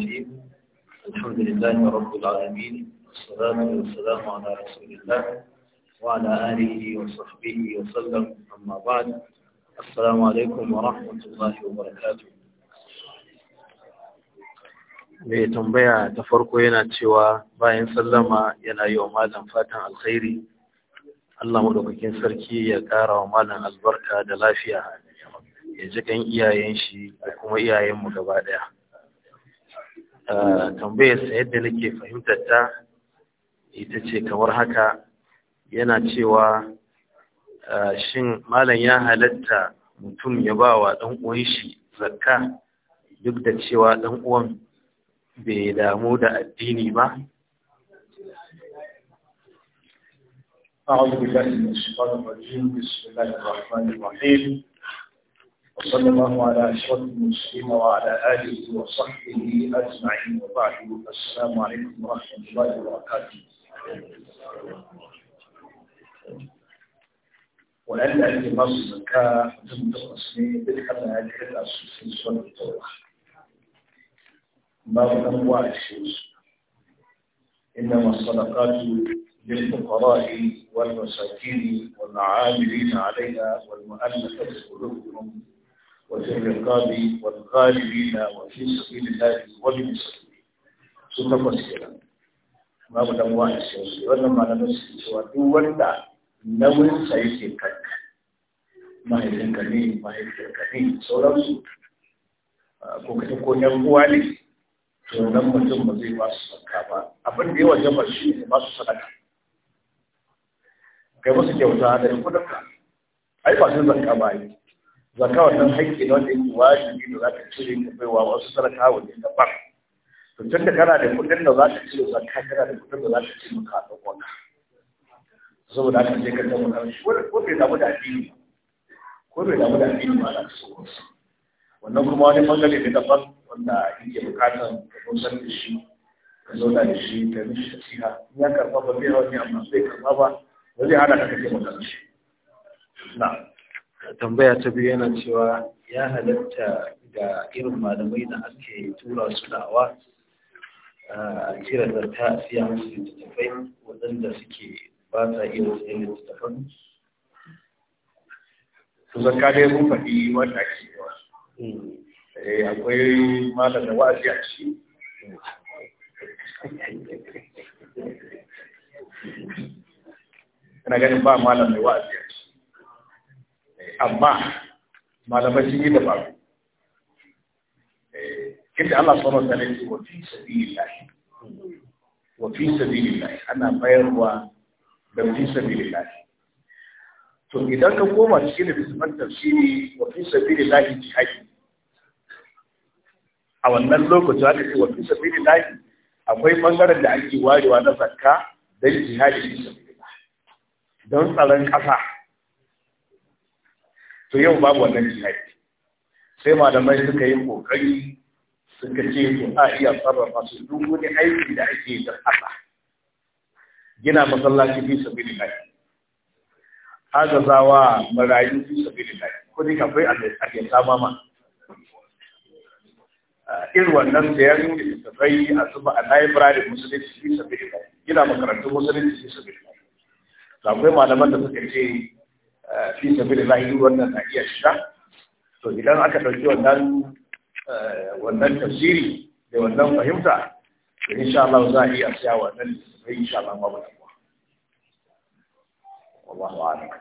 الرحيم الحمد لله رب العالمين والصلاة والسلام على رسول الله وعلى آله وصحبه وسلم أما بعد السلام عليكم ورحمة الله وبركاته mai tambaya ta farko yana cewa bayan sallama yana yi wa malam fatan alkhairi Allah maɗaukakin sarki ya ƙara wa malam albarka da lafiya ya jikan iyayen shi da kuma iyayenmu gaba ɗaya Eh, tambayarsa yadda nake fahimtar ta ita ce kamar haka yana cewa eh, shin malam ya halatta mutum ya ba wa ɗan uwan shi zakka duk da cewa ɗan uwan bai damu da addini ba أعوذ بالله من الشيطان الرجيم بسم الله الرحمن الرحيم وصلى الله على أشرف المسلمين وعلى آله وصحبه أجمعين وبعد السلام عليكم ورحمة الله وبركاته ولأن أهل مصر كحزم المسلمين بالحمد هذه الأساسية سنة التوراة باب أنواع الشيوخ إنما الصدقات للفقراء والمساكين والعاملين عليها والمؤلفة قلوبهم وفي الرقاب والغالبين وفي سبيل الله والمسلمين sun takwas kenan babu dan wani sosai wannan malamin su cewa duk wanda nauyin sa yake kanka mahaifinka ne mahaifiyarka ne sauransu ko kace ko yan uwa ne to nan mutum ba zai ba su saka ba abin da yawa jama'a shi ne ba su sadaka kai musu kyauta da kudin ka ai ba sun zanka ba zaka wannan haƙƙi ne wanda yake wajibi da zaka cire ka wa wasu sarka wanda ka bar to tun da kana da kuɗin da zaka cire zakka kana da kuɗin da zaka cire maka a ɗauka saboda haka sai ka tabbata ko bai damu da addini ko bai damu da addini ba da su wannan kuma wani bangare ne daban wanda yake bukatar ka kusan da shi ka zo da shi ka mishi nasiha in ya karɓa ba zai hawa ne amma zai karɓa ba ba zai hana ka kake magana shi na'am tambaya ta biyu yana cewa ya halatta ga irin malamai da ake tura su dawa a cire zarta a siya musu littattafai waɗanda suke ba sa iya wasu littattafan su zarka dai mun faɗi wanda ake yi eh, akwai malam da wa'azi a ciki ina ganin ba malam da wa'azi amma malamai sun yi dabaru eh, inda Allah subhanahu wa ne ya ce Wafi fi sabilillah wa fi ana bayarwa da fi sabilillah to idan ka koma cikin littafin tafsiri wa fi sabilillah jihadi a wannan lokacin aka ce wa sabi sabilillah akwai bangaren da ake warewa na zakka don jihadi fi sabilillah don tsaron ƙasa to yau babu wannan jihadi sai malamai suka yi kokari suka ce to a iya sarrafa su duk wani aiki da ake da Allah gina masallaci fi sabilillah agazawa marayu fi sabilillah ko dai kafai a ke sama ma irin wannan sayan littattafai a zuba a library musulunci fi sabilillah gina makarantun musulunci fi sabilillah akwai malaman da suka ce Eh, fi sabilillahi wannan na iya shiga to idan aka ɗauki wannan eh, wannan tafsiri da wannan fahimta to insha Allah za a iya siya wannan sai insha Allah ba ba wallahu a'lam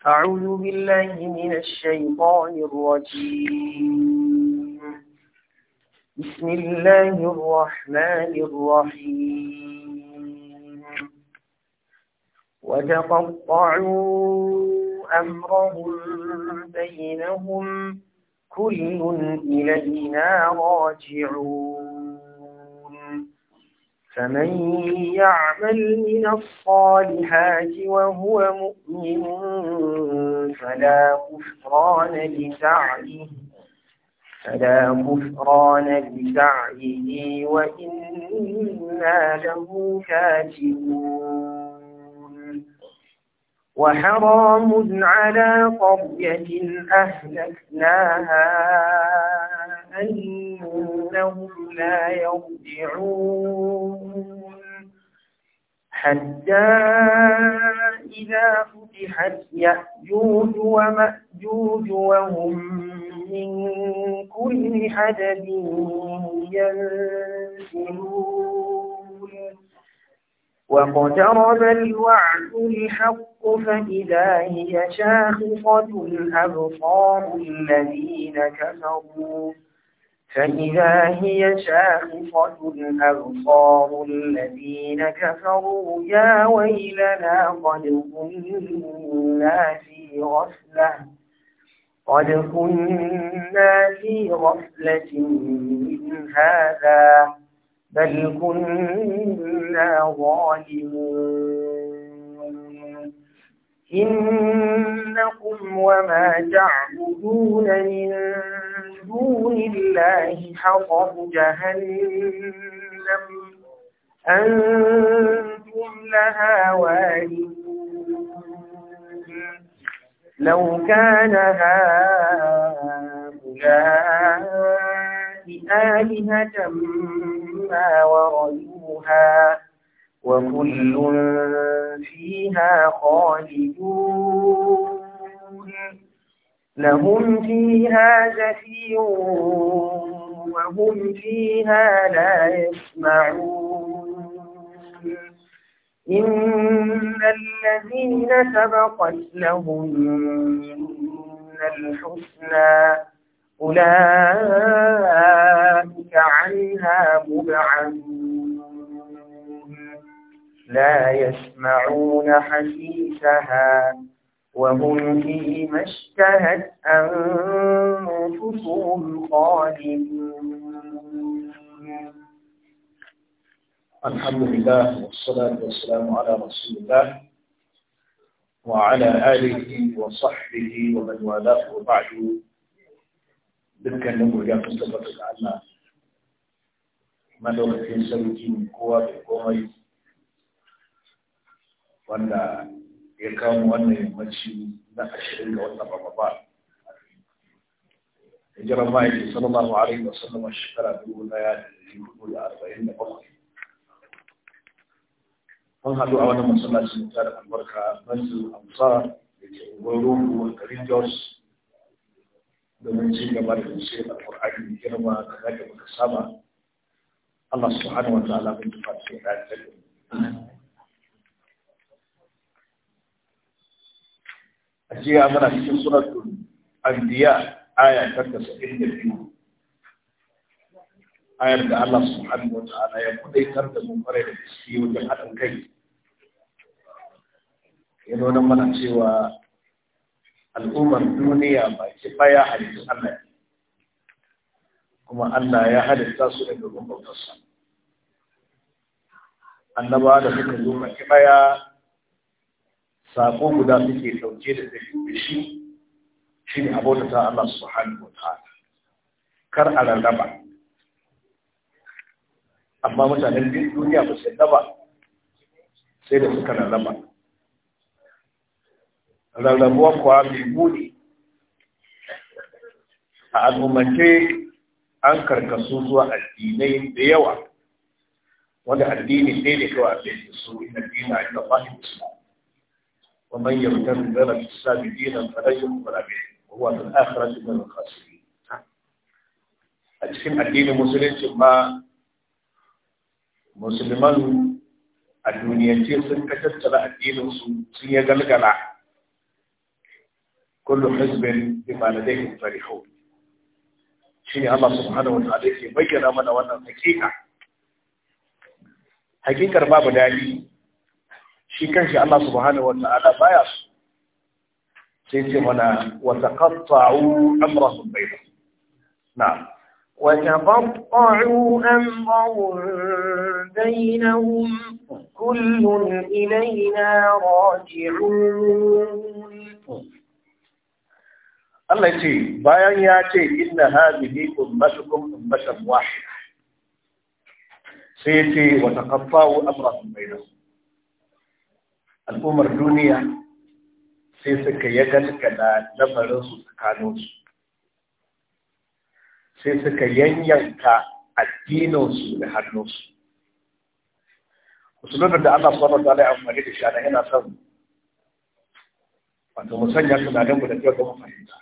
أعوذ بالله من الشيطان الرجيم بسم الله الرحمن الرحيم وتقطعوا أمرهم بينهم كل إلينا راجعون فمن يعمل من الصالحات وهو مؤمن فلا كفران لسعيه فلا كفران لسعيه وإنا له كاتبون وحرام على قرية أهلكناها أنهم لا يرجعون حتى إذا فتحت يأجوج ومأجوج وهم من كل حدب ينسلون واقترب الوعد الحق فإذا هي شاخصة الأبصار الذين كفروا فإذا هي شاخصة الأبصار الذين كفروا يا ويلنا قد كنا في غفلة قد كنا في غفلة من هذا بل كنا ظالمون إنكم وما تعبدون من دون الله حقب جهنم أنتم لها واردون لو كان هؤلاء آلهة ما وردوها وكل فيها خالدون لهم فيها زفير وهم فيها لا يسمعون إن الذين سبقت لهم من الحسنى أولئك عنها مبعدون لا يسمعون حسيسها وهم فيما اشتهت أنفسهم خالدون الحمد لله والصلاة والسلام على رسول الله وعلى آله وصحبه ومن والاه وبعد بنتكلم يا مصطفى العلماء مدرة سلوكي من قوة القوي وأن يكون أن يمشي لا أشرك وأن بابا إن جرى صلى الله عليه وسلم الشكر أبو الولايات يعني في كل قومي mun haɗu a wani masallaci ta da albarka masjid amsar da ke unguwar rogo garin jos domin ci gaba da rushe da ƙur'ani girma kamar da muka saba Allah hana wa alamun da tufa ce da a jiya muna cikin suratul anbiya aya ta biyu ayar da Allah subhanahu wa ta'ala ya kudai tar da mu kware da gaske wajen haɗin kai ya nuna mana cewa al'ummar duniya ba ki baya halittu Allah kuma Allah ya halitta su da domin bautarsa annaba da suka zo maki baya sako guda suke ɗauke da da shi shi ne abota ta Allah subhanahu wa ta'ala kar a rarraba amma mutanen duniya ba su ba, sai da suka rarraba rarrabuwa kuwa mai buɗe a al'ummace an karkasu zuwa addinai da yawa wanda addini ɗaya da kawai a bai su ina dina a ba fahim su ومن يبتغي غير الاسلام دينا فلن يقبل به وهو في الاخره من الخاسرين. a cikin addinin musulunci ma musulman a duniyance sun ka tattara addininsu sun ya galgala kullu hizbin bima ladayhim farihun ne Allah subhanahu wa ta'ala yake bayyana mana wannan hakika hakikar babu dadi shi kanshi Allah subhanahu wa ta'ala baya sai ce mana wa taqatta'u amrahum bayna na'am وتقطعوا أمرهم بينهم كل إلينا راجعون Allah ce bayan ya ce inna hadhihi ummatukum ummatan wahida sai ce wa taqatta'u amrahum bainahum al'ummar duniya sai suka yi yagalka da lamarin su tsakaninsu sai suka yanyanka addininsu da hannunsu Musulun da Allah subhanahu da Allah ya amfani da shi ana yana son wato mu sanya tunanin da kyau da fahimta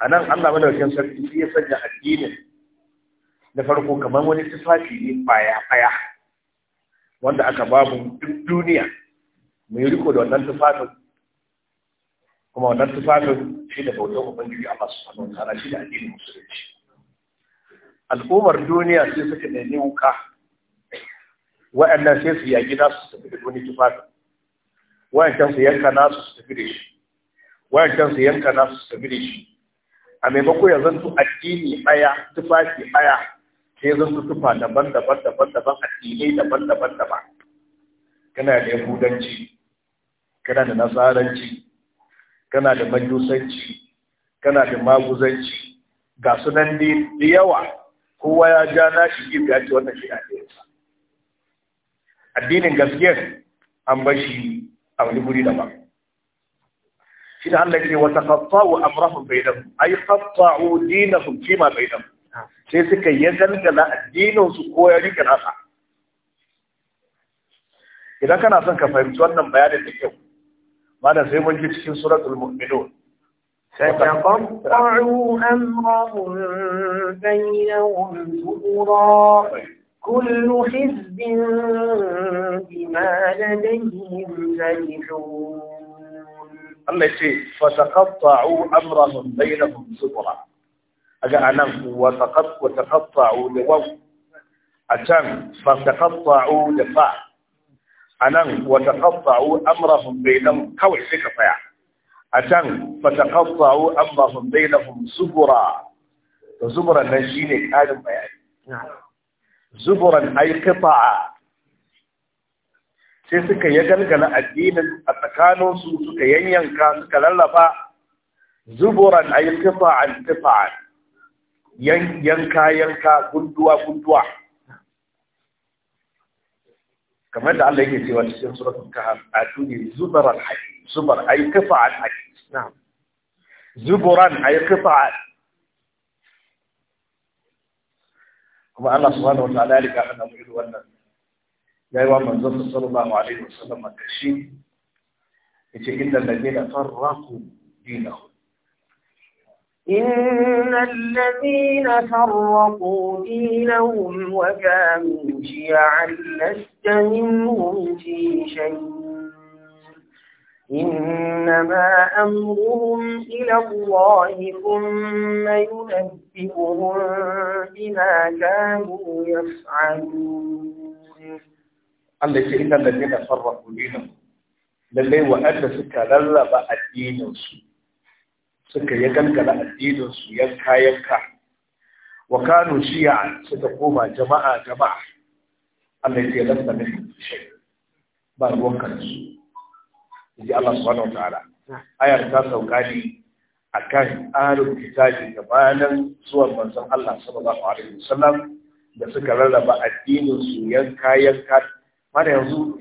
a nan Allah wajen sarki ya sanya addinin na farko kamar wani tufafi ne baya baya wanda aka babu duk duniya mai riko da wannan tufafin kuma wannan tufafin shi da bautar ubangiji Allah masu wa ta'ala shi da addinin musulunci al'ummar duniya sai suka nemi wuka wa'annan sai su yaƙi nasu su tafi da wani tufafin wa'ancan su yanka nasu su tafi da shi wa'ancan su yanka nasu su tafi da shi a maimako ya zanto addini ɗaya tufafi ɗaya sai zanto tufa daban-daban daban-daban addinai daban-daban daban kana da yahudanci kana da nasaranci kana da majusanci kana da maguzanci ga sunan da yawa kowa ya ja na shi gibi ya ce wannan shi addininsa addinin gaskiyar an bar shi a wani guri daban shi da Allah ke wata qatta'u amrahum bainahum ay qatta'u dinahum ma bainahum sai suka yagalgala addinin su ko ya rike nasa idan kana son ka fahimci wannan bayanin da kyau mana في مجلس في سورة المؤمنون فتقطعوا أمرهم بينهم زورا كل حزب بما لديهم فرحون الله يسير فتقطعوا أمرهم بينهم زورا أجا أنا وتقطعوا لوو أتم فتقطعوا لفعل a nan wata kaffa'u amrahum nan kawai sai ka tsaya a can fata bai amrahum bainahum zubura to zuburan nan shine karin bayani zuburan ay qita'a sai suka ya galgala addinin a tsakaninsu suka yanyanka suka lallafa zuburan ay qita'an qita'an yanka yanka gunduwa gunduwa kamar da Allah yake cewa cikin suratul kahf atuni zubaral hayy zubar ay qita'al hayy na'am zuburan ay qita'al kuma Allah subhanahu wa ta'ala ya kana mu irin wannan yayi wa manzon sallallahu alaihi wasallam kashi yace inna alladhina farraqu dinahum إن الذين فرقوا دينهم وكانوا شيعا لست منهم في شيء إنما أمرهم إلى الله ثم ينبئهم بما كانوا يفعلون التي إن الذين فرقوا دينهم للي وأدى سكا بعد دينهم suka ya galgala addininsu yanka yanka wa kanu shi'a suka koma jama'a jama'a Allah ya lasta min shay ba ruwan kansu ji Allah su subhanahu wataala ayar ta sauka ne akan ahlul kitabi gabanin zuwan manzon Allah sallallahu alaihi wasallam da suka rarraba addinin su yanka yanka mana yanzu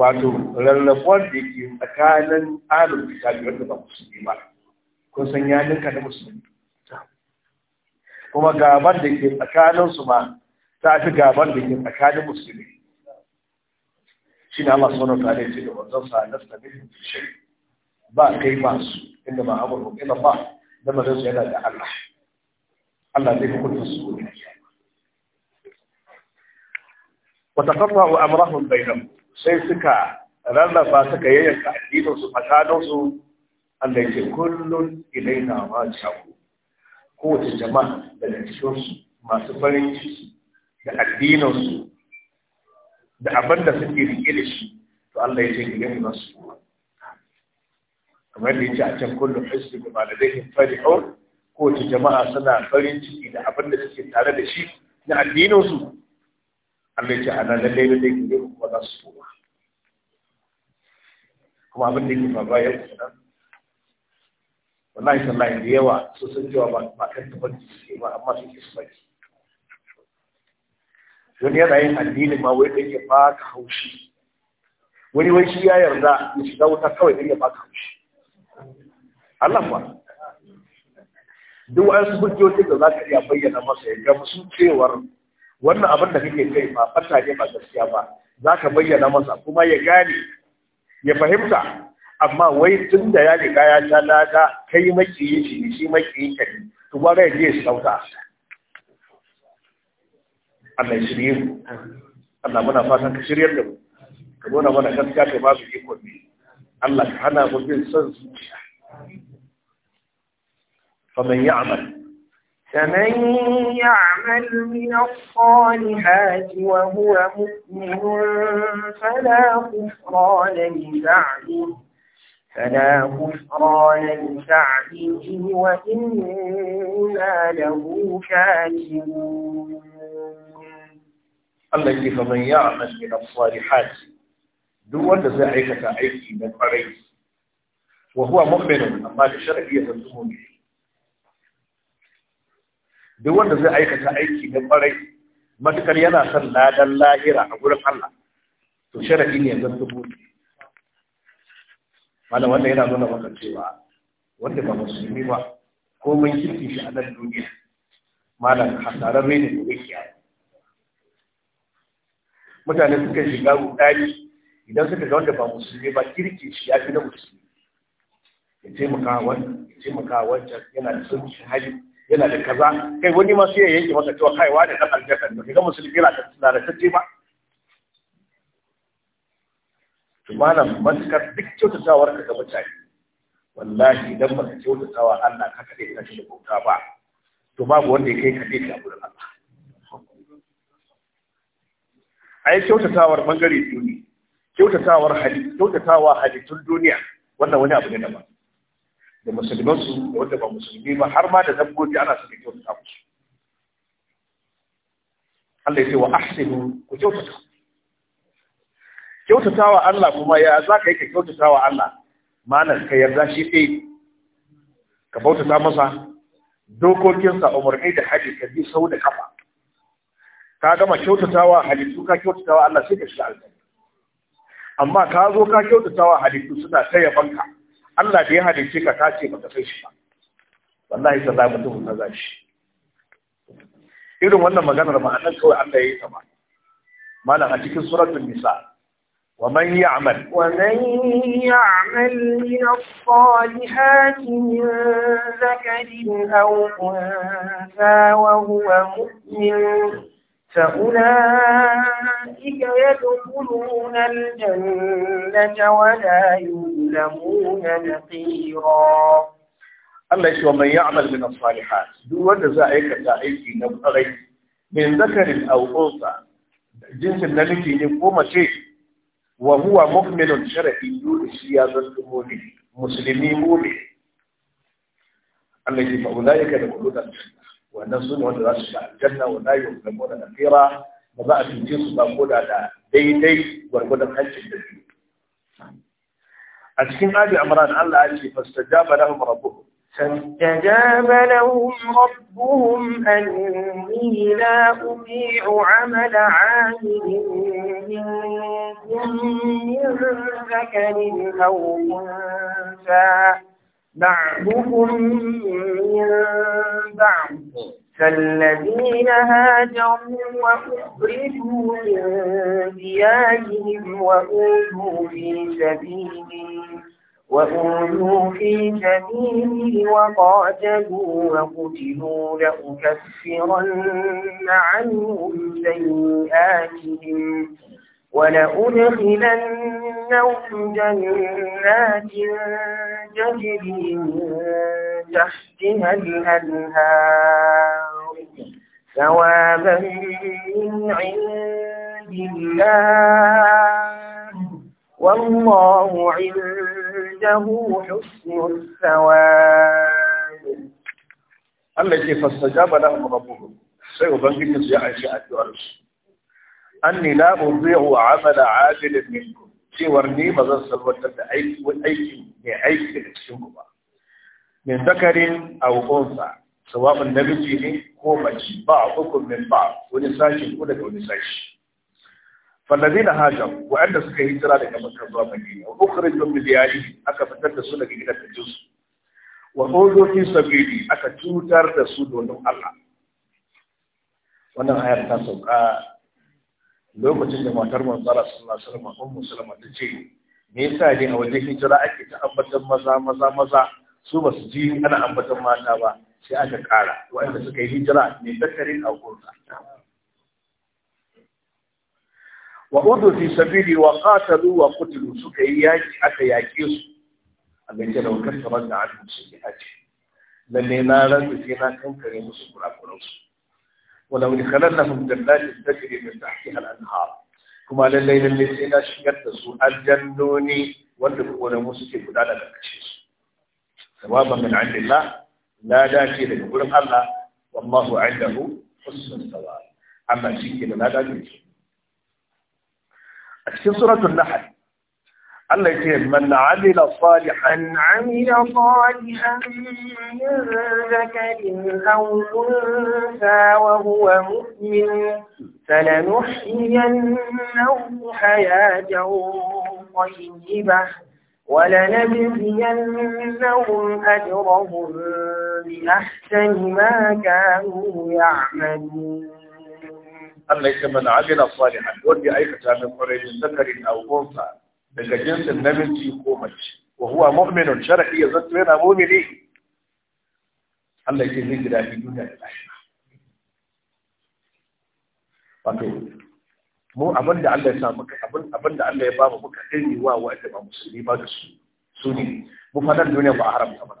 wato rarrabuwar da ke tsakanin ahlul kitabi wanda ba musulmi ba kun san ya ninka da musulmi kuma gabar da ke tsakaninsu ma ta fi gabar da ke tsakanin musulmi shi na masu wani tare ce da wanzan sa na sabihin fushe ba kai masu inda ba abu ila ba da mazan su yana da Allah Allah zai hukunta su ne wata kafa wa amurahun bayan sai suka rarraba suka yayyanka addinin su tsakanin su Allah ce kullun ilaina ma shaku kowace jama'a daga cikinsu masu farin ciki da addininsu da abin da suke rike da shi to Allah ya ce ilaina masu kamar da ce a can kullun hisbi da maladaihin ko kowace jama'a suna farin ciki da abin da suke tare da shi na addininsu Allah ya ce ana lallai lallai ilaina kuma za su kuma abin da yake fa bayan nan wallahi sallahi da yawa su sun cewa ba ba kan tabbaki suke ba amma ke su bari wani yana yin addinin ma wai dan ya ka haushi wani wai shi ya yarda ya shiga wuta kawai dan ya ba ka haushi Allah kuwa duk wasu hujjojin da za ka iya bayyana masa ya ga musu cewar wannan abin da kake kai ba fata ne ba gaskiya ba za ka bayyana masa kuma ya gane ya fahimta amma wai tun da ya riga ya sha lada kai makiyi shi shi makiyi ka ne to gwara ya je sauka Allah ya shirye mu Allah muna fatan ka shiryar da mu ka nuna mana gaskiya kai babu ikon ne Allah ka hana mu bin son zuciya faman ya'mal فمن يعمل من الصالحات وهو مؤمن فلا كفران لسعيه فلا كفران لسعيه وإنا له شاكرون التي فمن يعمل من الصالحات دون ذلك تعيش من قريب وهو مؤمن أما الشرعية تسمون duk wanda zai aikata aiki na kwarai matukar yana son ladan lahira a gurin Allah to sharadi ne zan tubu malam wanda yana nuna maka cewa wanda ba musulmi ba ko mun kirki shi a nan duniya malam hasararre ne yake a mutane suka shiga rudani idan suka ga wanda ba musulmi ba kirki shi ya fi na musulmi ya taimaka wannan ya taimaka wancan yana da shi hali yana da kaza kai wani ma sai ya yanke masa cewa kaiwa da ɗan aljanna ba ga musulmi yana da tsare ba to malam matukar duk kyautatawar ka ga mutane wallahi idan ba ka kyautatawa Allah ka kade ka shi bauta ba to babu wanda ya kai ka kaɗai ta gurin Allah ai kyautatawar bangare biyu kyautatawar hali kyautatawa halittun duniya wannan wani abu ne ba. da musulman su da wanda ba musulmi ba har ma da dabbobi ana su kyautata musu Allah ya ce wa ahsinu ku kyautata kyautatawa Allah kuma ya za ka yi ka kyautatawa Allah malam ka yarda shi ɗaya ka bautata masa dokokinsa umarni da haji ka bi sau da kafa ka gama kyautatawa halittu ka kyautatawa Allah sai ka shiga aljanna amma ka zo ka kyautatawa halittu suna ta yabanka Allah da ya halicce ka ka ce baka sai shi ba wallahi ta za mutum ta za shi irin wannan maganar ma'anar kawai Allah ya yi ta ba malam a cikin suratul nisa ومن يعمل ومن يعمل من الصالحات من ذكر أو أنثى وهو مؤمن فأولئك يدخلون الجنة ولا يظلمون نقيرا الله يشوى من يعمل من الصالحات دون زائك زائك نبغي من ذكر أو أنثى جنس النبي يقوم شيء wa huwa mu'minun shar'i shi ya zanto mu'min musulmi Allah ya fa ulaika da kulludan wannan su ne wanda za su shiga aljanna wa la yuzlamuna nafira ba za a cuce su ba ko da da daidai gwargwadon hancin da a cikin abi amran Allah ya ce fastajaba فاستجاب لهم ربهم أني لا أضيع عمل عامل منكم من ذكر أو أنثى بعضكم من بعض فالذين هاجروا وأخرجوا من ديارهم وأوذوا في سبيلي وأولوا في سبيلي وقاتلوا وقتلوا لأكفرن عنهم سيئاتهم ولأدخلنهم جنات تجري من تحتها الأنهار ثوابا من عند الله والله عند عنده حسن الثواب الله يجي فاستجاب لهم ربهم addu'ar su. عائشة أدوارس أني لا أضيع عمل عامل منكم cewar ni ba zan salwantar da aiki mai aiki da cikin ba. Min zakarin a hukunsa, sawa'un namiji ne ko mace ba a hukun min ba wani sashi ko daga wani sashi. fallazi na hajar wa'anda suka yi hijira daga makar zuwa madina wa ukuri don biliyari aka fitar da su daga gidan da jinsu wa ƙozofi aka cutar da su domin allah wannan hayar ta sauka lokacin da matar manzara sallah sallama ɗan musulma ta ce me yasa ne a wajen hijira ake ta ambatan maza maza maza su ba su ji ana ambatar mata ba sai aka ƙara wa'anda suka yi hijira ne ta karin a ƙorta wa udu fi sabili wa qatalu wa qutilu suka yi yaki aka yaki su abin da daukar kamar da alhu su yi haji lalle na rantsa sai na kankare musu kurakuran su wa law dakhalannahum da ta min ta al-anhar kuma lalle lalle sai na shigar da su aljannoni wanda kokorin musu ke guda da kace su sawaban min indillah la dace daga gurin Allah wallahu indahu husnul thawab amma shi ke da ladan ne في سورة النحل الله يقول من عمل صالحا من عمل صالحا من ذكر أو أنثى وهو مؤمن فلنحيينه حياة طيبة ولنبذينهم أجرهم بأحسن ما كانوا يعملون Allah ya mana amila salihan wanda ya aikata min kwarai min zakarin aw unsa daga jinsin namiji ko mace wa huwa mu'minun shar'i ya zanto yana mu'mini Allah ya zai gida fi duniya da lahira wato mu abin da Allah ya sa muka abin da Allah ya ba mu muka dani wa wa'ada ba musulmi ba da su su ne mu fadan duniya ba haramta ba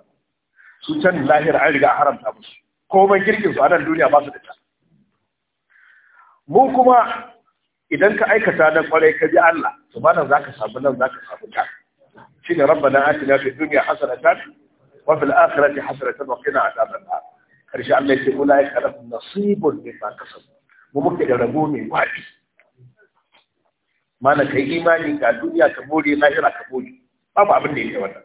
su can lahira an riga haramta musu komai girkin su a nan duniya ba su da ta mu kuma idan ka aikata nan kwarai ka bi Allah subhanahu zaka samu nan zaka samu ka shine rabbana atina fid dunya hasanatan wa fil akhirati hasanatan wa qina adhaban nar karshe Allah yake ulai ka lahum nasibun mimma kasabu mu muke da rabo mai wadi mana kai imani ka duniya ka na lahira ka bore babu abin da yake wannan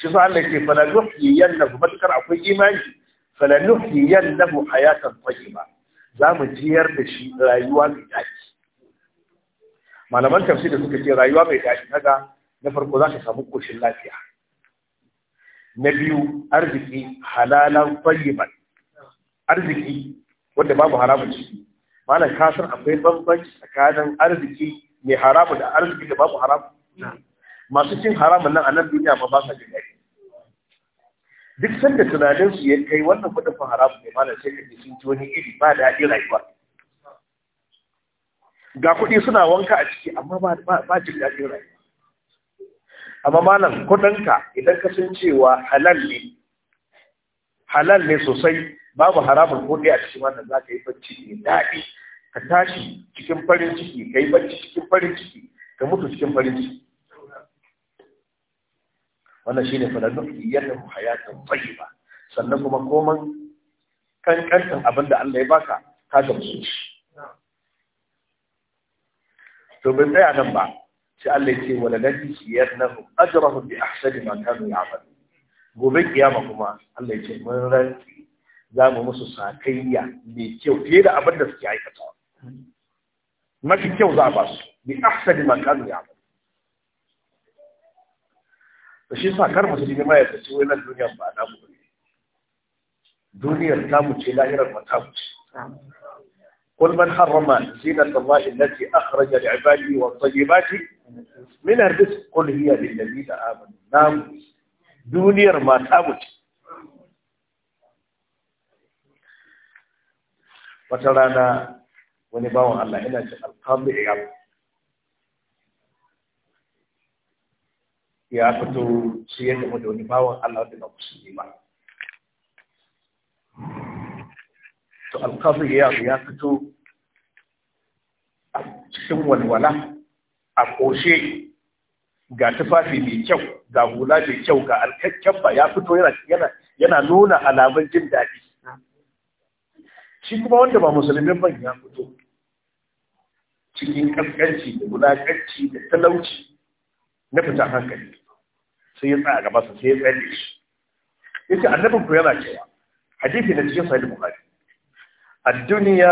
shi sa Allah yake fala nuhyiyannahu matakar akwai imani fala nuhyiyannahu hayatan tayyiba za mu jiyar da shi rayuwa mai daɗi malaman tafsir da suka ce rayuwa mai daɗi kaga na farko za ka samu koshin lafiya na biyu arziki halalan fayyiman arziki wanda babu haramun ciki malam kasar akwai bambanci tsakanin arziki mai haramu da arziki da babu haramu masu cin haramun nan a nan duniya ba ba sa jin daɗi duk sanda tunanin su ya kai wannan kuɗin fa haramu ne malam sai ka sun ci wani iri ba daɗi rayuwa ga kuɗi suna wanka a ciki amma ba da daɗin rayuwa amma malam ka idan ka san cewa halal ne halal ne sosai babu haramun kuɗi a ciki wannan za ka yi bacci mai daɗi ka tashi cikin farin ciki ka yi bacci cikin farin ciki ka mutu cikin farin ciki wannan shine falanuki yanahu hayatan tayyiba sannan kuma koman kankantan abin da Allah ya baka ka gamsu shi to bai tsaya nan ba sai Allah ya ce wala nadi yanahu ajrahum bi ahsani ma kanu ya'malu gobe kiyama kuma Allah ya ce mun rantsi za mu musu sakayya mai kyau fiye da abin da suke aikata mafi kyau za a ba su bi ahsani ma kanu ya'malu ta shi sa kar musulmi ma ya tace wai nan duniya ba da ta mu ce lahirar ba ta mu kul man harrama zina Allah allati akhraja li ibadi wa tayyibati min ardis kul hiya duniyar ma ta wata rana wani bawon Allah ina ce alhamdulillah ya fito shi ya da wani bawan Allah da ba musulmi ba to alkazu ya ya fito cikin walwala a ƙoshe ga tufafi mai kyau ga hula mai kyau ga alkakken ba ya fito yana nuna alamun jin daɗi shi kuma wanda ba musulmin ban ya fito cikin ƙasƙanci da wulaƙanci da talauci na fita hankali sai ya tsaya gaba sa sai ya tsaya da shi yace annabin ku yana cewa hadisi da cikin sahih bukhari ad-dunya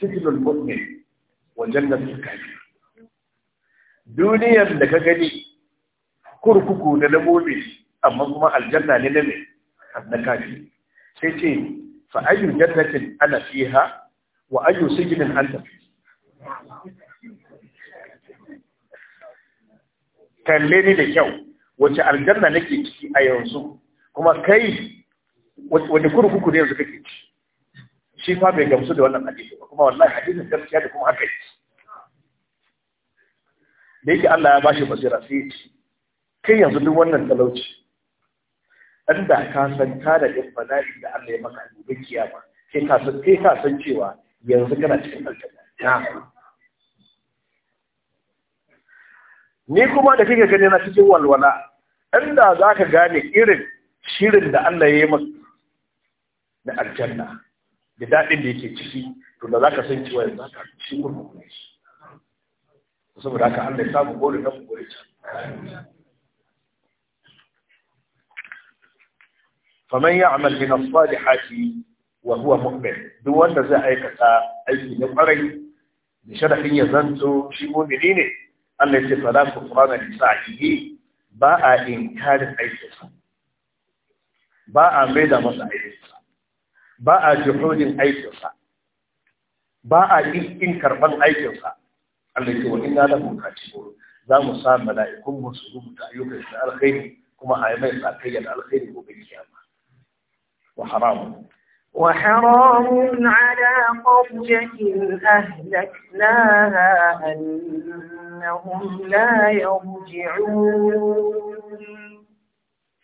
sijnul mu'min wa jannatul kafir duniyar da ka gani kurkuku da na mu'min amma kuma aljanna ne na mai na kafir sai ce fa ayyu jannatin ana fiha wa ayyu sijnin anta fi kalle ni da kyau wace aljanna nake ciki a yanzu kuma kai wani kurkuku ne yanzu kake ci shi fa bai gamsu da wannan hadisi ba kuma wallahi hadisin gaskiya da kuma haka yi da yake Allah ya bashi basira sai ci kai yanzu duk wannan talauci dan da ka san ka da ɗin da Allah ya maka gobe kiyama kai ka san kai ka san cewa yanzu kana cikin aljanna ni kuma da kike gani na cikin walwala inda za ka gane irin shirin da Allah ya yi masu da aljanna da daɗin da yake ciki to da za ka san cewa yanzu haka shi kuma kuma shi saboda haka Allah ya samu gore na gore can faman ya'mal min as-salihati wa huwa mu'min duk wanda zai aikata aiki na ƙwarai da sharafin ya zanto shi mu'mini ne Allah ya ce fala kufrana li sa'ihi ba a inkarin aikinsa ba a maida masa aikinsa ba a juhudin aikinsa ba a in karban aikinsa Allah ya ce wa inna lahu katibun za mu sa mala'ikun mu su rubuta ayyukan da alkhairi kuma a yi mai sakayyar da alkhairi gobe kiyama wa haramun وحرام على قرية أهلكناها أنهم لا يرجعون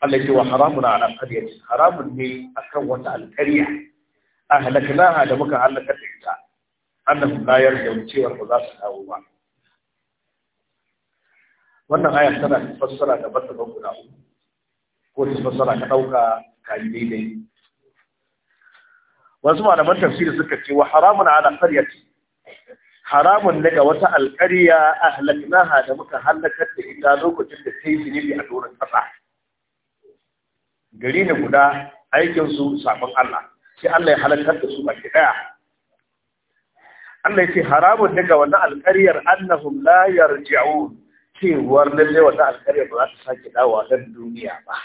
التي وحرام على قرية حرام من أكوة القرية أهلكناها لمك على الإنسان أنهم لا يرجعون شيء والخلاص أو wannan aya tana fassara da bata guda ko ta fassara ka dauka ka yi daidai wasu malaman tafsiri suka ce wa haramun ala qaryati haramun ne ga wata alƙarya ahlaknaha da muka halakar da ita lokacin da ta yi zunubi a doron ƙasa gari ne guda aikinsu sabon Allah sai Allah ya halakar da su baki ɗaya Allah ya ce haramun ne ga wannan alƙaryar annahum la yarji'un cewar lalle wannan alƙaryar ba za ta sake dawowa don duniya ba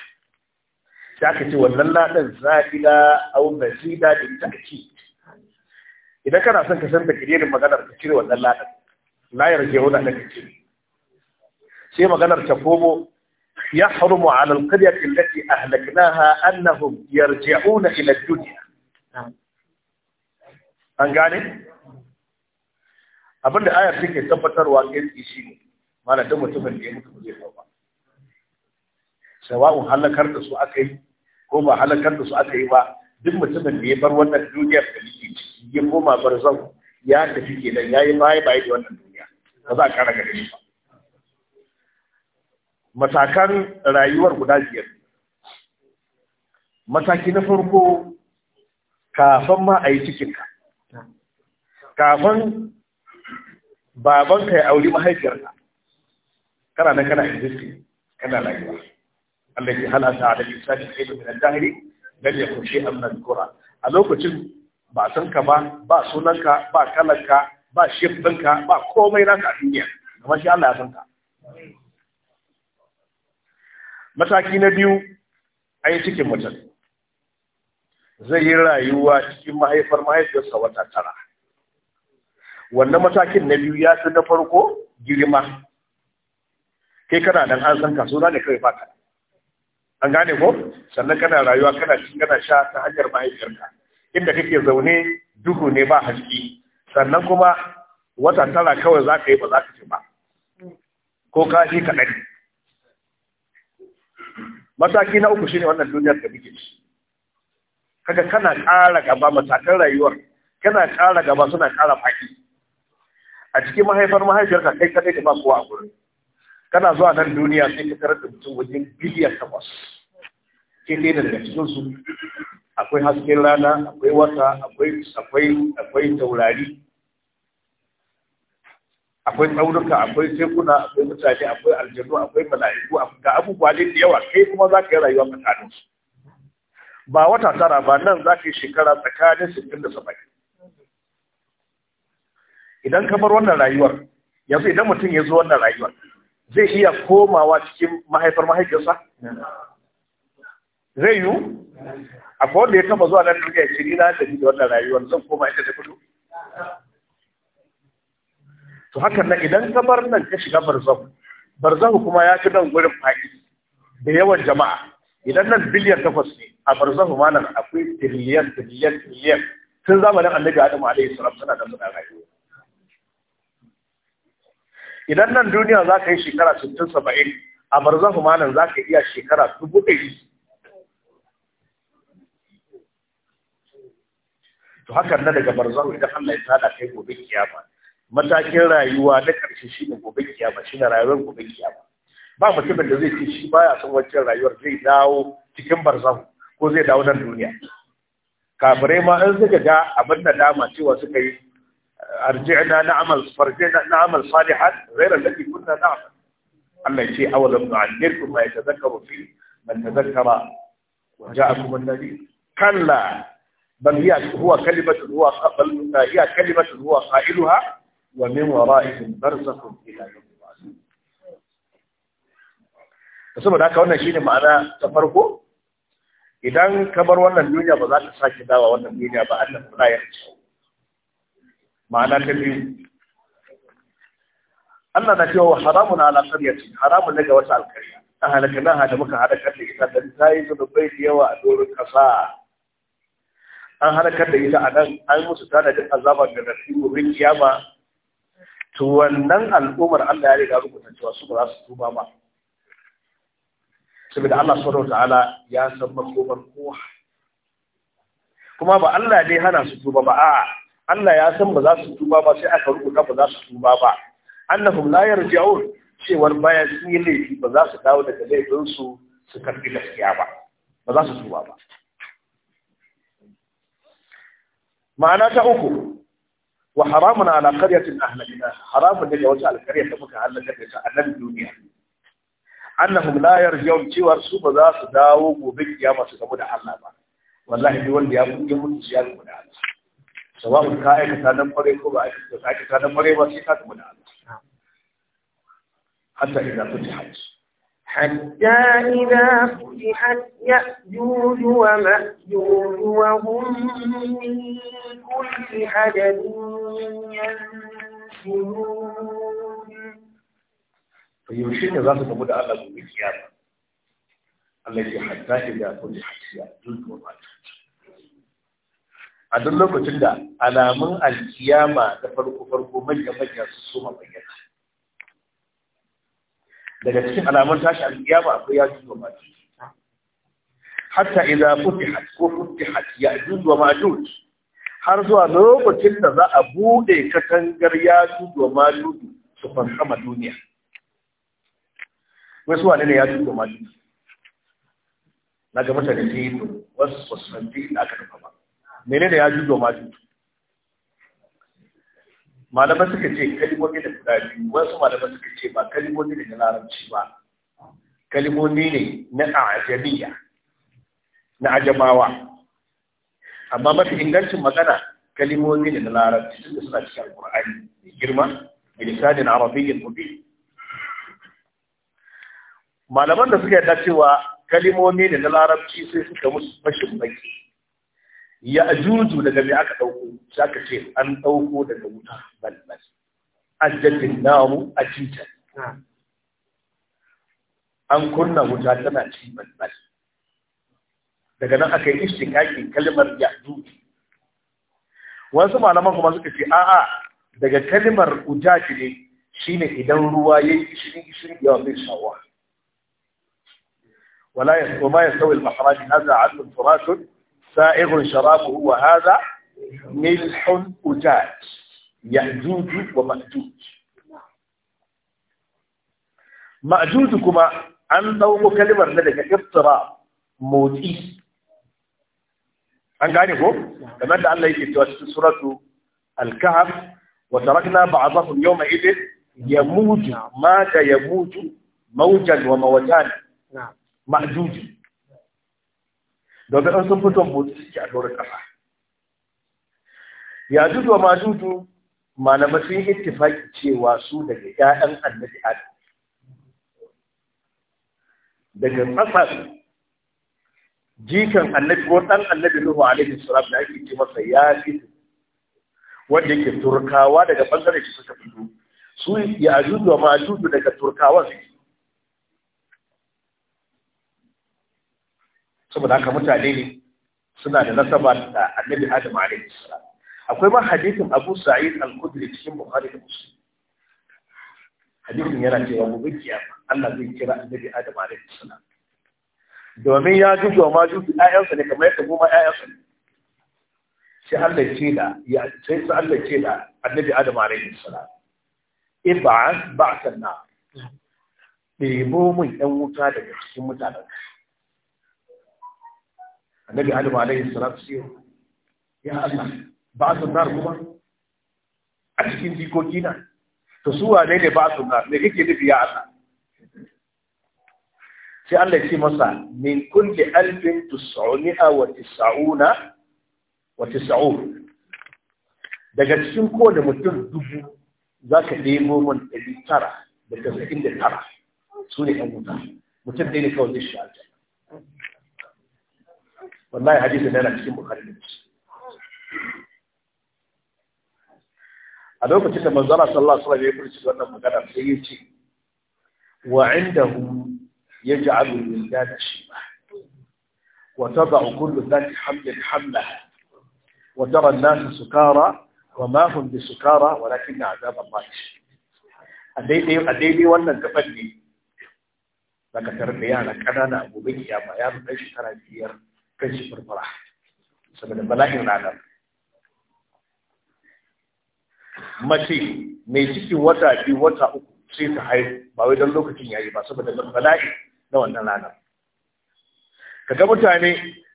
sai aka ce wannan ladan za'ida au mazida din taki idan kana son ka san takdirin maganar ka cire wannan ladan la yarji'u da ka cire sai maganar ta komo harumu ala القرية allati ahlaknaha annahum yarji'una ila dunya an gane? Abinda ayar take tabbatarwa gaske shi ne mana duk mutumin da ya mutu zai tauba sawa'un halakar da su aka yi ko ba halakar da su aka yi ba duk mutumin da ya bar wannan duniyar da muke ciki ya koma barzan ya tafi kenan ya yi baya baya da wannan duniya ba za a kara gare shi ba matakan rayuwar guda biyar mataki na farko kafin ma a yi cikinka kafin babanka ya auri mahaifiyarka kana na kana existing kana rayuwa التي هل أتى على الإنسان حين من الدهر لن يكن شيئا مذكورا a lokacin ba san ka ba ba sunanka ba kalanka ba shiftinka ba komai naka a duniya kuma shi Allah ya mataki na biyu a yi cikin mutum zai yi rayuwa cikin mahaifar mahaifiyarsa wata tara wannan matakin na biyu ya fi na farko girma kai kana nan an san ka suna ne kawai baka an gane ko sannan kana rayuwa kana cin kana sha ta hanyar mahaifiyarka inda kake zaune duhu ne ba haske sannan kuma wata tara kawai za ka yi ba za ka ci ba ko ka shi kaɗan mataki na uku shine wannan duniyar da muke ci kaga kana ƙara gaba matakan rayuwar kana ƙara gaba suna ƙara faɗi a cikin mahaifar mahaifiyarka kai kadai da ba kowa a gurin kana zuwa nan duniya sai ka tarar da mutum wajen biliyan takwas ke da daga cikin su akwai hasken rana akwai wata akwai akwai akwai taurari akwai tsaunuka akwai tekuna akwai mutane akwai aljanu akwai mala'iku ga abubuwa da yawa kai kuma za ka yi rayuwa tsakanin su ba wata tara ba nan za ka yi shekara tsakanin sittin da saba'in idan kamar wannan rayuwar yanzu idan mutum ya zo wannan rayuwar zai iya komawa cikin mahaifar mahaifiyarsa zai yiwu akwai wanda ya taba zuwa nan duniya ya ce ni na tafi da wannan rayuwar zan koma inda ta fito to hakan nan idan ka bar nan ka shiga barzahu barzahu kuma ya fi nan gurin faɗi da yawan jama'a idan nan biliyan takwas ne a barzahu ma nan akwai tiriliyan tiriliyan tiriliyan tun zamanin annabi adamu alaihi salam suna da suna rayuwa idan nan duniya za ka yi shekara 60-70 a barzahu ma nan za ka iya shekara 100 to hakan na daga barzahu idan Allah ya tada kai gobe kiyama matakin rayuwa na ƙarshe shi ne gobe kiyama shi ne rayuwar gobe kiyama ba mutumin da zai ce shi baya son wancan rayuwar zai dawo cikin barzahu ko zai dawo nan duniya kafirai ma in suka ga abin da dama cewa suka yi arji'na na'mal farji'na na'mal salihan ghayra allati kunna na'mal Allah ya ce awalam nu'allimkum ma yatadhakkaru fi man tadhakkara wa ja'akum an-nabi kalla بل هي هو كلمة هو بل هي كلمة هو قائلها ومن ورائهم برزخ إلى يوم البعث. saboda haka wannan shine ma'ana ta farko idan ka bar wannan duniya ba za ka sake dawa wannan duniya ba ma'ana ta biyu Allah na cewa haramun ala ce, haramun daga wata alkarya a halakanaha da muka halakar da ita da ta yi zunubai da yawa a doron ƙasa an halakar da ita a nan an musu tada duk azabar da rafi wurin kiyama to wannan al'ummar Allah ya riga rubuta cewa su ba za su tuba ba saboda Allah subhanahu ta'ala ya san makomar kowa kuma ba Allah ne hana su tuba ba a'a Allah ya san ba za su tuba ba sai aka rubuta ba za su tuba ba annahum la yarji'un cewar baya sun yi laifi ba za su dawo daga laifin su su karbi gaskiya ba ba za su tuba ba ma'ana ta uku wa haramun ala qaryatin ahlakna haramun ne ga wata alƙarya ta muka halaka da ta annabi duniya annahum la yarji'un cewar su ba za su dawo gobe kiyama su gamu da Allah ba wallahi duk wanda ya mutu ya mutu ya da Allah sawa'un ka aikata nan kwarai ko ba aikata nan kwarai ba sai ka tabbata حتى إذا فتحت يأجوج ومأجوج وهم من كل حدب ينسلون فيوشين ذات تبود على القيامة التي حتى إذا فتحت يأجوج ومأجوج a duk lokacin da alamun alkiyama da farko-farko manya-manya su soma bayyana daga cikin alamun tashi alkiyama akwai ya juwa majuj hatta idan futihat ko futihat ya ma majuj har zuwa lokacin da za a bude katangar ya ma majuj su fansama duniya wai wane ne ya ma majuj na ga mutane sai yi wasu wasu da aka nufa ba menene ya jujo ma juju malamai suka ce kalimomi da guda biyu wasu malamai suka ce ba kalimomi ne na larabci ba kalimomi ne na ajamiya na ajamawa amma mafi ingancin magana kalimomi ne na larabci tunda suna cikin alkur'ani mai girma bilisanin arabiyyin mubin malaman da suka yarda cewa kalimomi ne na larabci sai suka musu fashin baki ya ajuju daga me aka ɗauko sai aka ce an ɗauko daga wuta balbal namu a ajita an kunna wuta tana ci balbal daga nan aka yi ishtiqaqi kalmar ya'juju wasu malaman kuma suka ce a'a daga kalmar ujaji ne shine idan ruwa ya yi shirin shirin yawa mai shawa wala ya yasma yasawi al-mahraj hadha 'adlun furatun سائغ شرابه وهذا ملح أجاج يأجوج ومأجوج مأجوجكما أن دوم كلمة لديك اضطراب موتي أن قاله كما دعا الله يتواجد سورة الكهف وتركنا بعضهم يومئذ يموج ماذا يموج موجا وموجان نعم. مأجوجي domin an sun fito motsi suke a doron ƙasa ya juju wa majuju malamai sun yi ittifaki cewa su daga 'ya'yan annabi adam daga ƙasa jikan annabi ko ɗan annabi nuhu alaihi salam da ake ce masa ya fito wanda yake turkawa daga bangaren su suka fito su ya ajuju wa majuju daga turkawa suke saboda haka mutane ne suna da nasaba da annabi adam alaihi salam akwai ma hadisin abu sa'id al-khudri cikin bukhari da muslim hadisin yana cewa gobe kiyama Allah zai kira annabi adam alaihi salam domin ya ji ma juju ayyansa ne kamar yadda goma ayyansa ne sai Allah ya ce da ya sai Allah ya ce da annabi adam alaihi salam ib'ath ba'than nar ɗebo min ɗan wuta daga cikin mutanen annabi adam alaihi salatu siyo ya Allah ba su nar kuma a cikin jikoki na to su wane ne ba su nar me kake nufi ya Allah sai Allah ya ce masa min kulli alfin tus'una wa tis'una wa tis'un daga cikin kowane mutum dubu za ka nemo man ɗari tara da tasa'in da tara su ne ɗan mutum mutum ɗaya ne kawai zai shi aljanna wallahi hadisin yana cikin bukhari da a lokacin da manzara sallallahu alaihi wasallam ya furci wannan magana sai ya ce wa indahu yaj'alu al-wildana shiba wa tad'u kullu dhati hamlin hamlaha wa tara an-nasa sukara wa ma hum bisukara walakin 'adab Allah a daidai a daidai wannan gaban ne daga tarbiya na kanana gobe kiyama ya rubuta tara biyar kan shi furfura saboda bala'in ranar mace mai ciki wata biyu wata uku sai ta haihu ba wai don lokacin yayi ba saboda bala'i na wannan ranar kaga mutane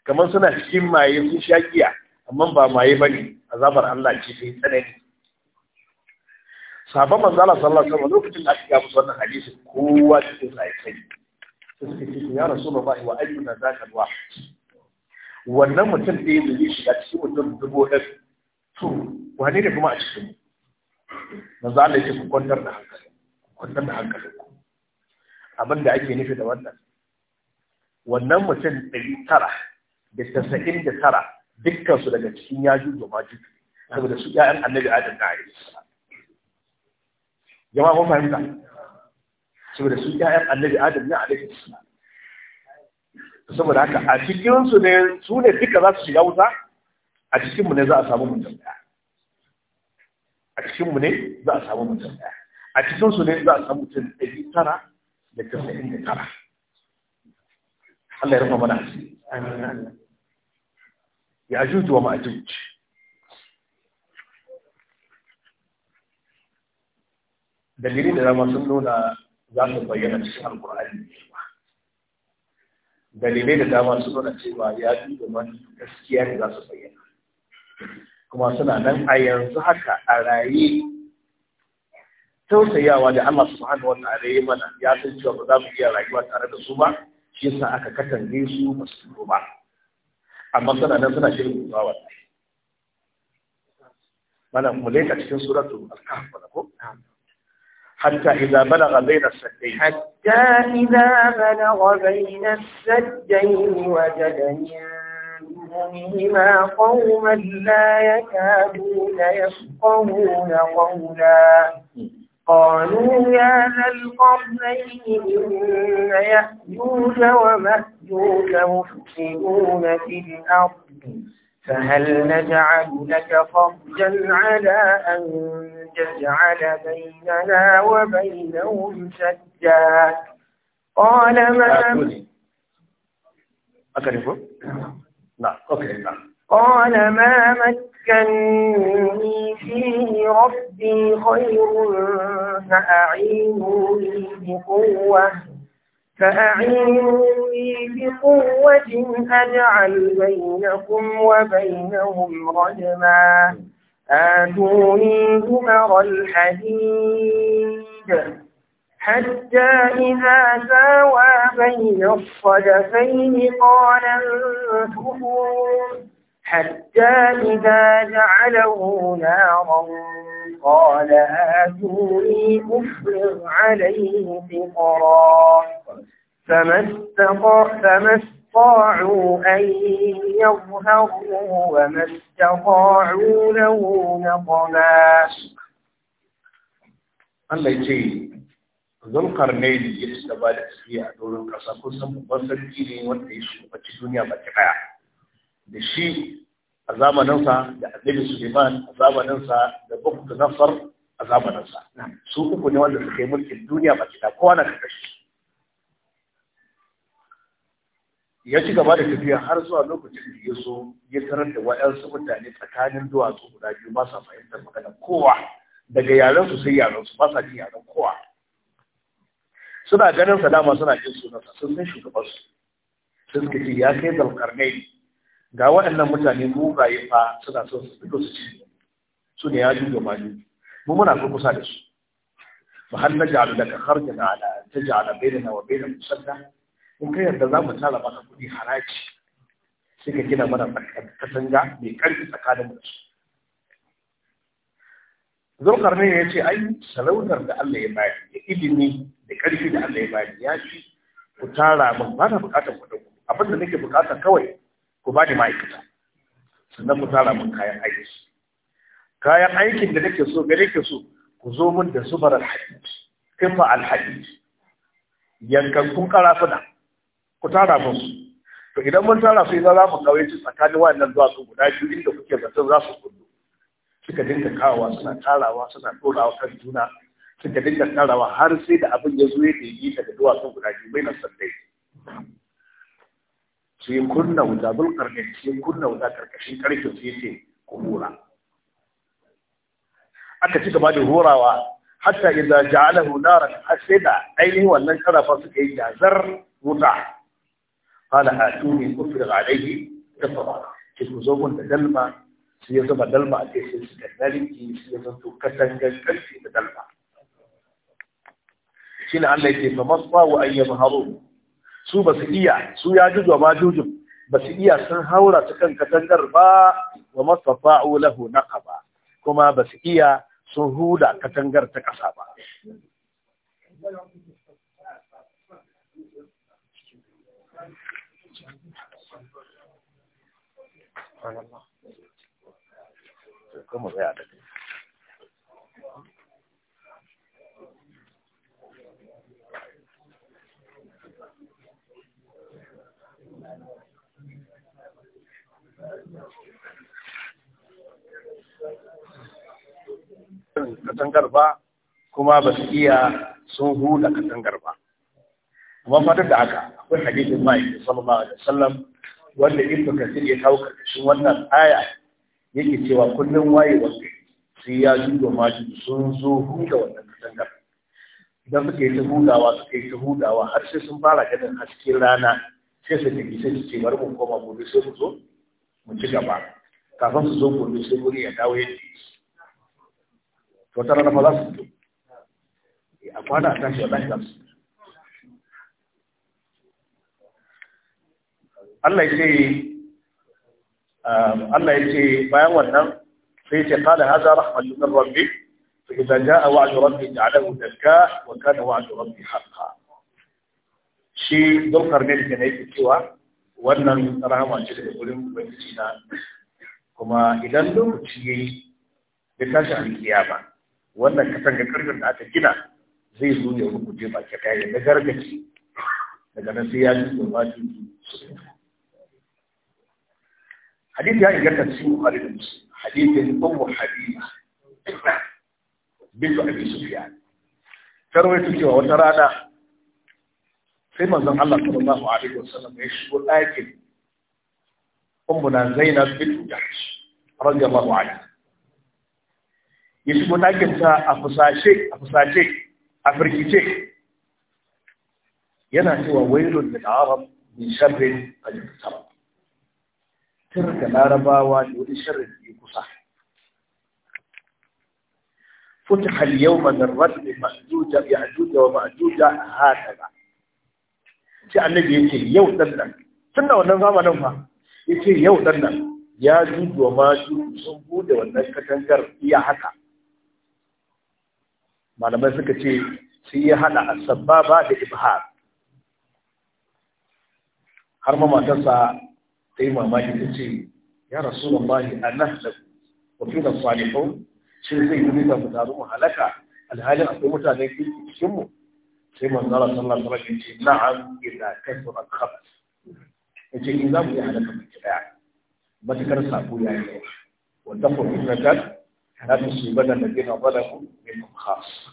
kamar suna cikin maye sun sha giya amma ba maye bane azabar Allah ce ta yi tsanani Sabon manzo Allah sallallahu alaihi wasallam lokacin da aka ga musu wannan hadisi kowa cikin sa ya sai suka ce ya rasulullahi wa ayyuna zaka wa wannan mutum ɗaya da zai shiga cikin mutum dubu ɗari, to wane ne kuma a cikin Na za a ce ku kwantar da hankali ku kwantar da hankali ku abin da ake nufi da wannan wannan mutum ɗari tara da tasa'in da tara dukkan su daga cikin yaju da maju saboda su ƴaƴan annabi adam da ayi jama'a mun fahimta saboda su ƴaƴan annabi adam ne alaihi salam saboda haka a cikin su ne su ne duka za su shiga wuta a cikin mu ne za a samu mutum daya a cikin mu ne za a samu mutum daya a cikin su ne za a samu mutum ɗari tara da tasa'in da tara Allah ya rufa mana asiri amin Allah ya ajuju wa ma'ajuji dalilin da zama sun nuna za su bayyana cikin alkur'ani dalilai da dama su nuna cewa ya fi domin gaskiya da za su bayyana kuma suna nan a yanzu haka a raye tausayawa da Allah subhanahu wa ta'ala ya mana ya san cewa ba za mu iya rayuwa tare da su ba shi yasa aka katange su ba su ba amma suna nan suna shirin zuwa wannan mana mu leka cikin suratul al-kahf ko حتى إذا بلغ بين السدين حتى إذا بلغ بين السدين وجد من قوما لا يكادون يفقهون قولا قالوا يا ذا القرنين إن يأجوج ومأجوج مفسدون في الأرض فهل نجعل لك فرجا على أن تجعل بيننا وبينهم سدا قال ما أكرهه؟ نعم أوكي نعم قال ما مكني فيه ربي خير فأعينوني بقوة فأعينوني بقوة أجعل بينكم وبينهم رجما آتوني زمر الحديد حتى إذا ساوى بين الصدفين قال انفقوا حتى إذا جعله نارا قال آتوني أفرغ عليه قطرا فما فما استطاعوا أن يظهروا وما na له نقلا Allah ya ce zulkar ne da ya ci ba da tafiya a doron ƙasa kun san babban sarki ne wanda ya shugabanci duniya baki ɗaya da shi a zamaninsa da annabi suleiman a zamaninsa da bukutu nafar a zamaninsa su uku ne wanda suka yi mulkin duniya baki ɗaya kowa na karkashi ya ci gaba da tafiya har zuwa lokacin da ya so ya tarar da waɗansu mutane tsakanin duwatsu guda biyu ba sa fahimtar magana kowa daga yaren su sai yaren su ba sa jin yaren kowa suna ganin salama suna jin sunansa sun san shugaban su sun suka ce ya kai zalkarnai ga waɗannan mutane mugaye fa suna son su fito su ci su ne ya juga mani mu muna fi kusa da su fa har na ja'alu daga harjana ala taj'ala bainana wa bainal musadda Kun ka yadda za mu tara maka kuɗi haraji sai ka gina mana katanga mai ƙarfi tsakanin mu Zaukar ne ya ce ai sarautar da Allah ya bayar da ilimi da ƙarfi da Allah ya bayar ya ci ku tara min ba na buƙatar kuɗin ku abin da nake buƙata kawai ku ba ni ma'aikata sannan ku tara min kayan aiki kayan aikin da nake so gare ke so ku zo min da zubar alhaji kai ma yankan kun ƙarafuna ku tara mun to idan mun tara su idan za mu kawai ci tsakanin wayannan zuwa su guda biyu inda kuke zaton za su kullu suka dinga kawowa suna tarawa suna dorawa kan juna suka dinga tarawa har sai da abin ya zo ya yi daga duwatsun guda biyu mai na sandai sai kunna wuta bulkar ne sai kunna wuta karkashin karfin sai ce ku hura aka ci gaba da horawa hatta idan ja'alahu naran har sai da ainihin wannan karafa suka yi jazar wuta قال آتوني أفرغ عليه قطرة da دلما سيزم دلما أتيسي سكنالك دلما شين الله يتي فمصى وأن يظهرون su ba su iya su ya juju ma juju ba su iya sun haura su kan katangar ba wa mastafa'u lahu naqaba kuma ba su iya sun huda katangar ta ƙasa ba subhanallah kuma sai katangar ba kuma ba su iya sun hula katangar ba. Kuma fatar da aka akwai hadisin ma'aikin sallallahu alaihi wasallam wanda ibn kasir ya kawo karkashin wannan aya yake cewa kullum waye wanda sai ya duba maji sun zo huda wannan katangar idan suka yi ta hudawa suka yi ta hudawa har sai sun fara ganin hasken rana sai su tafi sai su ce bari mu koma gobe sai mu zo mu ci gaba kafin su zo gobe sai wuri ya dawo yadda to ta na za su fito a kwana a tashi a ɗan su Allah ya ce um, Allah ce bayan wannan sai ya ce kada haza rahmatun min rabbi fa idza jaa wa'du rabbi ja'alahu dakka wa kana wa'du rabbi haqqan shi dokar ne da yake cewa wannan rahama ce daga gurin ubangiji na kuma idan lokaci yayi da tashi ba wannan katanga karfin da aka gina zai zo ya rubuce ba ta kayan na gargaci daga nan sai ya ji gurbaci su hadith ya inganta cikin Bukhari da Muslim hadithin Ummu Habiba bintu Abi Sufyan tarwaito cewa wata rana sai manzon Allah sallallahu alaihi wasallam ya shigo ɗakin Ummuna Zainab bintu Jahsh radiyallahu anha ya shigo ɗakin a fusace a fusace a firgice yana cewa wailun lil arab min sharrin qad tirka larabawa da wani shirin da ya kusa فتح اليوم من رد مأجوج يأجوج ومأجوج هكذا sai annabi ya ce yau dan nan tun da wannan zamanin fa ya ce yau dan nan ya jujuwa ma sun bude wannan katangar iya haka malamai suka ce sun yi hada asababa da ibhar har ma matarsa ta yi mamaki ta ce ya rasu da mahi a nan da fi da salihun shi zai yi nuna mu taru mu halaka alhalin akwai mutanen kirki cikinmu sai manzara zara sallar da rashin ce kai su kasura khabat ya ce in za mu yi halaka mai kidaya matakar sabo ya yi yawa wanda ku da gina bada ku ne minkum khassa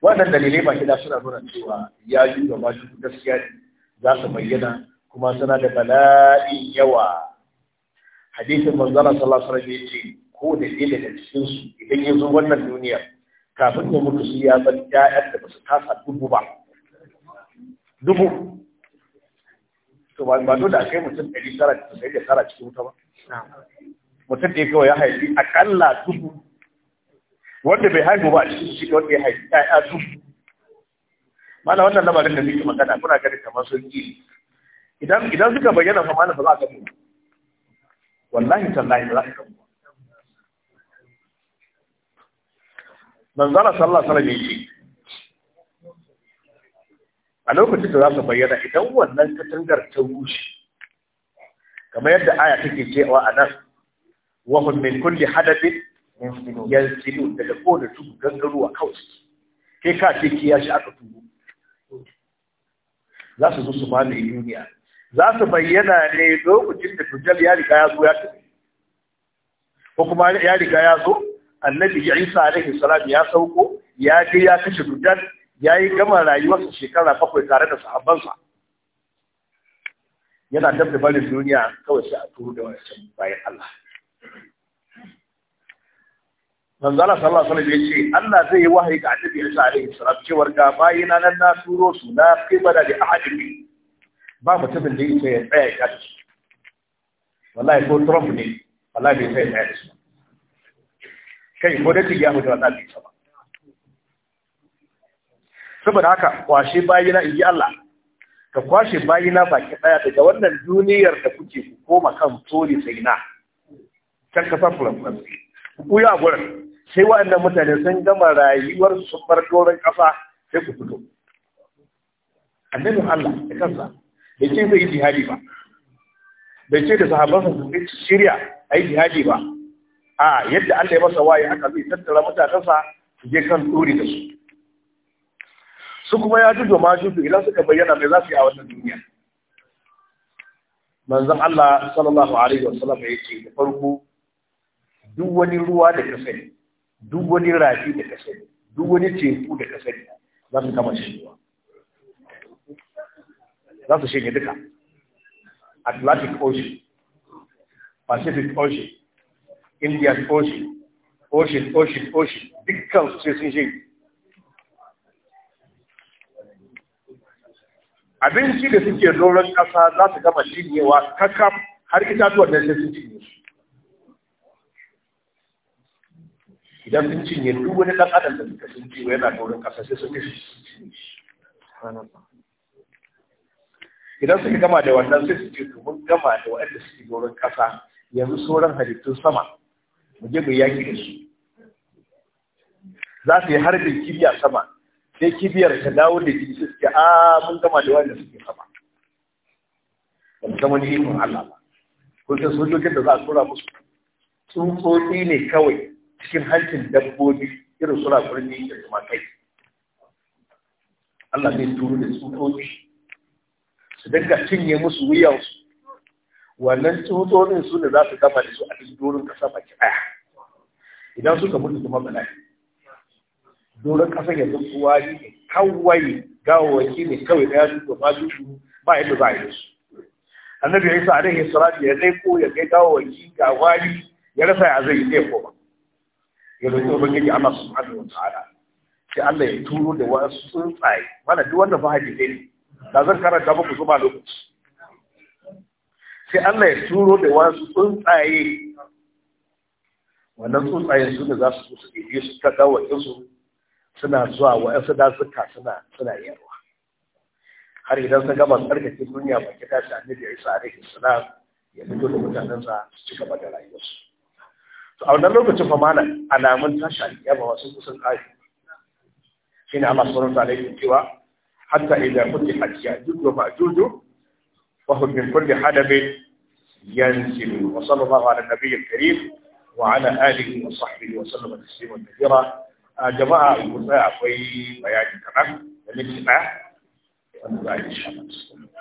wannan dalilai ba da suna nuna cewa ya yi gaba shi gaskiya za su bayyana kuma suna da bala'in yawa hadisin manzara sallallahu alaihi wasallam ce ko da ɗaya daga cikin su idan ya zo wannan duniyar kafin ya mutu su ya san ƴaƴan da basu su kasa dubu ba dubu to ba ba da kai mutum ɗari tara da ɗari da tara cikin wuta ba mutum ɗaya kawai ya haifi aƙalla dubu wanda bai haihu ba a cikin shi wanda ya haifi ƴaƴa dubu mana wannan lamarin da muke magana kuna ganin kamar sun yi idan idan suka bayyana fa malam ba za ka mutu wallahi tallahi ba za ka mu zara sallallahu alaihi wasallam yake a lokacin da za su bayyana idan wannan katangar ta rushe kamar yadda aya take cewa a nan wa hum min kulli hadathin yansilun daga kowane tubu gangaruwa kawai suke kai ka ce kiyashi aka tubu za su zo su mamaye duniya za su bayyana ne lokacin da tujjal ya riga ya zo ya tafi ko kuma ya riga ya zo annabi Isa alaihi salam ya sauko ya je ya kashe tujjal ya yi gama rayuwarsa shekara bakwai tare da sahabbansa yana dab da barin duniya kawai sai a turu da wancan bayan Allah Allah sallallahu alaihi wasallam yace Allah zai yi wahayi ga annabi Isa alaihi salam cewa ga bayina nan na turo su na qibala da ahadin ba mutumin da yake ya tsaya ya shi wallahi ko Trump ne wallahi bai tsaya ya shi kai ko da ya mutu wallahi bai tsaya saboda haka kwashe bayina in yi Allah ka kwashe bayina baki daya daga wannan duniyar da kuke ku koma kan tsori sai na can kasar fulani ku ya gurin sai waɗannan mutane sun gama rayuwar su bar doron ƙasa sai ku fito annabi Allah ya kansa bai ce zai yi jihadi ba bai ce da sahabbansa su shirya a yi jihadi ba a yadda Allah ya masa waye aka zai tattara mutanensa su je kan tsori da su su kuma ya jujo ma jujo idan suka bayyana mai za su yi a wannan duniya manzon Allah sallallahu alaihi wasallam ya ce da farko duk wani ruwa da ka sani duk wani rafi da ka sani duk wani teku da ka sani za su kama shi ruwa za su shine duka atlantic ocean pacific ocean indian ocean ocean ocean ocean dukkan su ce sun shige abinci da suke doron ƙasa za su gama cinyewa kakam har itatuwan nan sai sun cinye su idan sun cinye duk wani ɗan adam da suka sun ciwo yana doron ƙasa sai sun kashe idan suka gama da wannan sai su ce to mun gama da waɗanda suke doron ƙasa yanzu sauran halittun sama mu je mu yaki da su za su yi harbin kibiya sama sai kibiyar ta dawo da jiki su ce a mun gama da waɗanda suke sama ba mu zama ni ikon Allah ba kun sojojin da za a tura musu tsutsotsi ne kawai cikin hancin dabbobi irin suna birni da kai Allah zai turo da tsutsotsi su dinga cinye musu wuyansu wannan tsohonin su ne za su gama da su a cikin dorin kasa baki ɗaya idan suka mutu kuma bala doron kasa ya zan kuwa ne kawai gawawaki ne kawai na yadu da mazu su ba yadda za a yi su annabi ya yi sa ya sarafi ya zai ko ya kai gawawaki ga wani ya rasa ya zai zai koma ya roƙi ubangiji Allah subhanahu wa ta'ala sai Allah ya turo da wasu tsuntsaye mana duk wanda fa ne da zan karanta muku zuma lokaci sai Allah ya turo da wasu tsuntsaye wannan tsuntsayen su ne za su su ɗiɗi su ta su suna zuwa wa'yansu dazuka suna suna yarwa har idan sun gaba tsarkake duniya ba ki tashi annabi Isa alaihi suna ya fito da mutanensa su ci gaba da rayuwarsu to a wannan lokacin fa mana alamun tashi ba wasu kusan kai shine Allah subhanahu wa ta'ala yake cewa حتى إذا فتحت يأجوج ومأجوج وهم من كل حدب ينزل وصلى الله على النبي الكريم وعلى آله وصحبه وسلم تسليما كثيرا آه، جماعة المتابعة في بيان كمان إن شاء الشمس